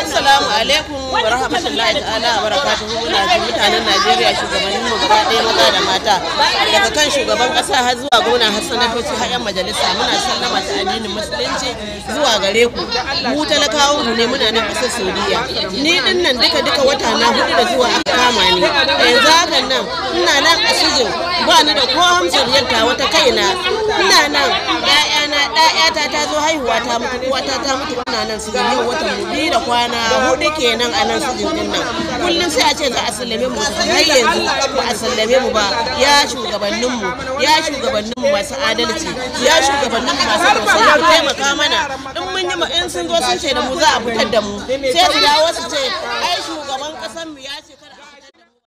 Assalamu alaikum wa rahmatullahi ta'ala wa barakatuhu na ji mutanen Najeriya shugabannin mu gaba ɗaya maza da mata daga kan shugaban ƙasa har zuwa gona har sanatoci har yan majalisa muna sallama ta addinin musulunci zuwa gare ku mu talakawa mu ne muna nan ƙasar Saudiya ni din nan duka duka wata na hudu da zuwa aka kama ni yanzu hakan nan ina nan a ba ni da ko hamsar yanka wata kaina ina nan ɗayata ta zo haihuwa ta mutu uwata ta mutu wannan nan su yau wata mu biyu da kwana hudu kenan a nan su din nan kullum sai a ce za a sallame mu har yanzu ba a sallame mu ba ya shugabannin mu ya shugabannin mu masu adalci ya shugabannin mu masu tausayi taimaka mana in mun yi in sun zo sun ce da mu za a fitar da mu sai su dawo su ce ai shugaban kasan mu ya ce kada